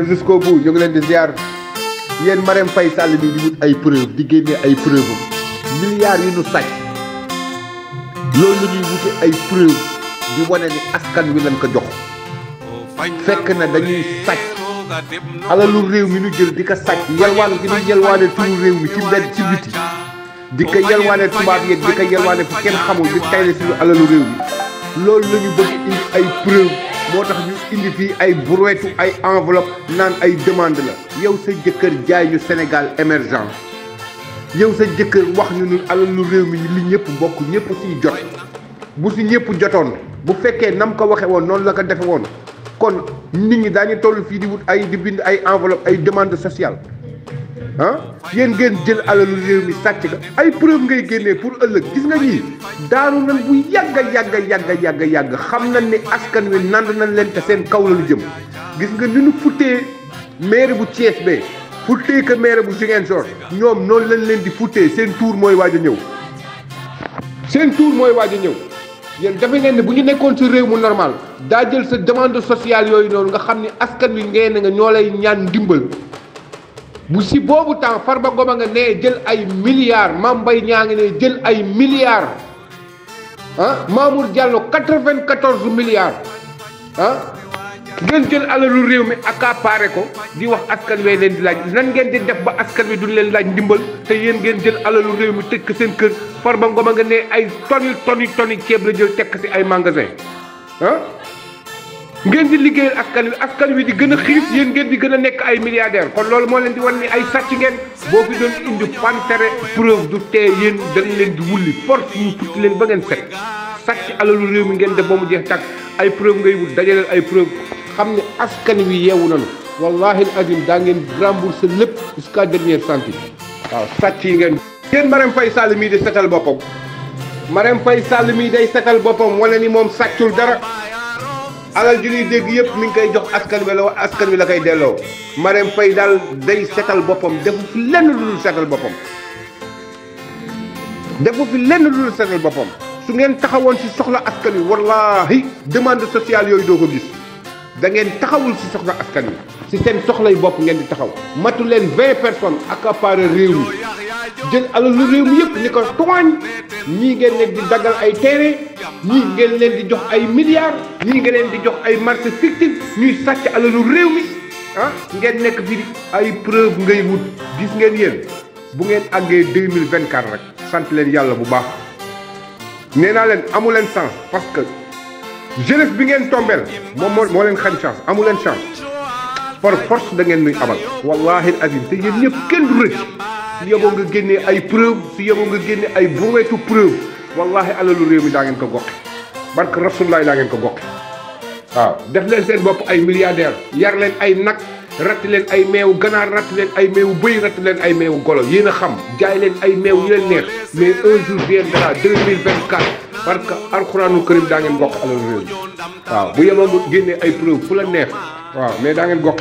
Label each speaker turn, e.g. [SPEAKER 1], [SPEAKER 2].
[SPEAKER 1] jusqu'au bout ñu ngi leen di ziar yéen Marème Faye Sall bi di ay preuve di génne ay preuve am milliards yi ñu sàcc loolu la ñuy ay preuve di wane ni askan wi lañ ko jox fekk na dañuy sàcc alalu réew mi ñu jël di ko sàcc yelwaane gi ñu yelwaane turu réew mi ci benn ci biti di ko yelwaane tubaab yeeg di ko yelwaane fu kenn xamul di tayle suñu alalu réew mi loolu la ñu bëgg ay preuve moo tax ñu indi fii ay brouette ay enveloppe naan ay demande la yow sa jëkkër jaay ñu Sénégal émergent yow sa jëkkër wax ñu ñun alal lu réew mi li ñëpp bokk ñëpp si jot bu si ñëpp jotoon bu fekkee nam ko waxe woon noonu la ko defe woon kon nit ñi daañu toll fii di wut ay di bind ay enveloppe ay demande sociale ah yéen ngeen jël alalu réew mi sàcc ga ay preuve ngay génnee pour ëllëg gis nga ñii daanu nan bu yàgg a yàgg a yàgg xam nañ ni askan wi nand nañ leen te seen kaw la lu jëm gis nga ni nu futtee maire bu Thiès be futtee que maire bu Ziguinchor ñoom noonu lañ leen di futtee seen tour mooy waaj ñëw seen tour mooy waaj ñëw yéen dafa ngeen ne bu ñu nekkoon ci réew mu normal daa jël sa demande sociale yooyu noonu nga xam ni askan wi ngeen nga ñoo lay ñaan ndimbal bu si boobu temps Farba ba a nga nee jël ay milliards Mame Mbaye Niang ngi ne jël ay milliards ah Mamour Diallo quatre-vingt-quatorze milliards ah ngeen jël alalu réew mi accaparé ko di wax askan wee leen di laaj nan ngeen di def ba askan wi duñ leen laaj ndimbal te yéen ngeen jël alalu réew mi tëj ko seen kër Farba Ngom ngoma nga ne ay toni toni toni ceeb la jël tekk si ay magasin ah ngeen di liggéeyal askan wi askan wi di gën a xiif yéen ngeen di gën a nekk ay milliardaire kon loolu moo leen di wan ni ay sàcc ngeen boo fi doon indi pantere preuve du tee yéen dañ leen di wulli force ñu putti leen ba ngeen set alalu réew mi ngeen def mu jeex tàkk ay preuve ngay wut dajaleel ay preuve xam ne askan wi yeewu nañu wallahi azim daa ngeen rembourser lépp jusqu'à dernière centime waaw sàcc yi ngeen yéen Marème Faye Sall mii di setal boppam Marème Faye Sall mii day setal boppam wala ni moom sàccul alal ju ñuy dégg yëpp mi ngi koy jox askan wi la askan wi la koy delloo Marème Faye daal day setal boppam defu fi lenn lu dul setal boppam defu lenn lu dul boppam su ngeen taxawoon ci soxla askan wi wallaahi demande sociale yooyu doo ko gis da ngeen taxawul si soxla askan wi si seen soxlay bopp ngeen di taxaw matu leen vingt personnes accaparé réew mi jël alal lu réew mi yëpp ni ko tooñ ñii ngeen ne di daggal ay téere ñii ngeen leen di jox ay milliards ñii ngeen leen di jox ay marché fictif ñuy sàcc alalu réew mi ah ngeen nekk fi ay preuve ngay wut gis ngeen yéen bu ngeen àggee deux mille vingt quatre rek sant leen yàlla bu baax nee naa leen amu leen chance parce que jeunesse bi ngeen tombeel moom moo moo leen xañ chance amu leen chance par force da ngeen nuy abal wallahi azim te yéen ñëpp kenn du rëcc su yeboo nga génnee ay preuve su yeboo nga génnee ay brouetu preuve wallahi alalu réew mi daa ngeen ko goqi barke rasulullahi daa ngeen ko goqi waaw def leen seen bopp ay milliardaire yar leen ay nag ratti leen ay meewu ganaar ratti leen ay meewu bëy ratti leen ay meewu golo yéen a xam jaay leen ay meew yi leen neex mais un jour viendra deux mille vingt quatre parce que alxuraanu karim daa ngeen goqi alalu réew mi waaw bu yemoon génnee ay preuve fu la neex waaw mais daa ngeen goqi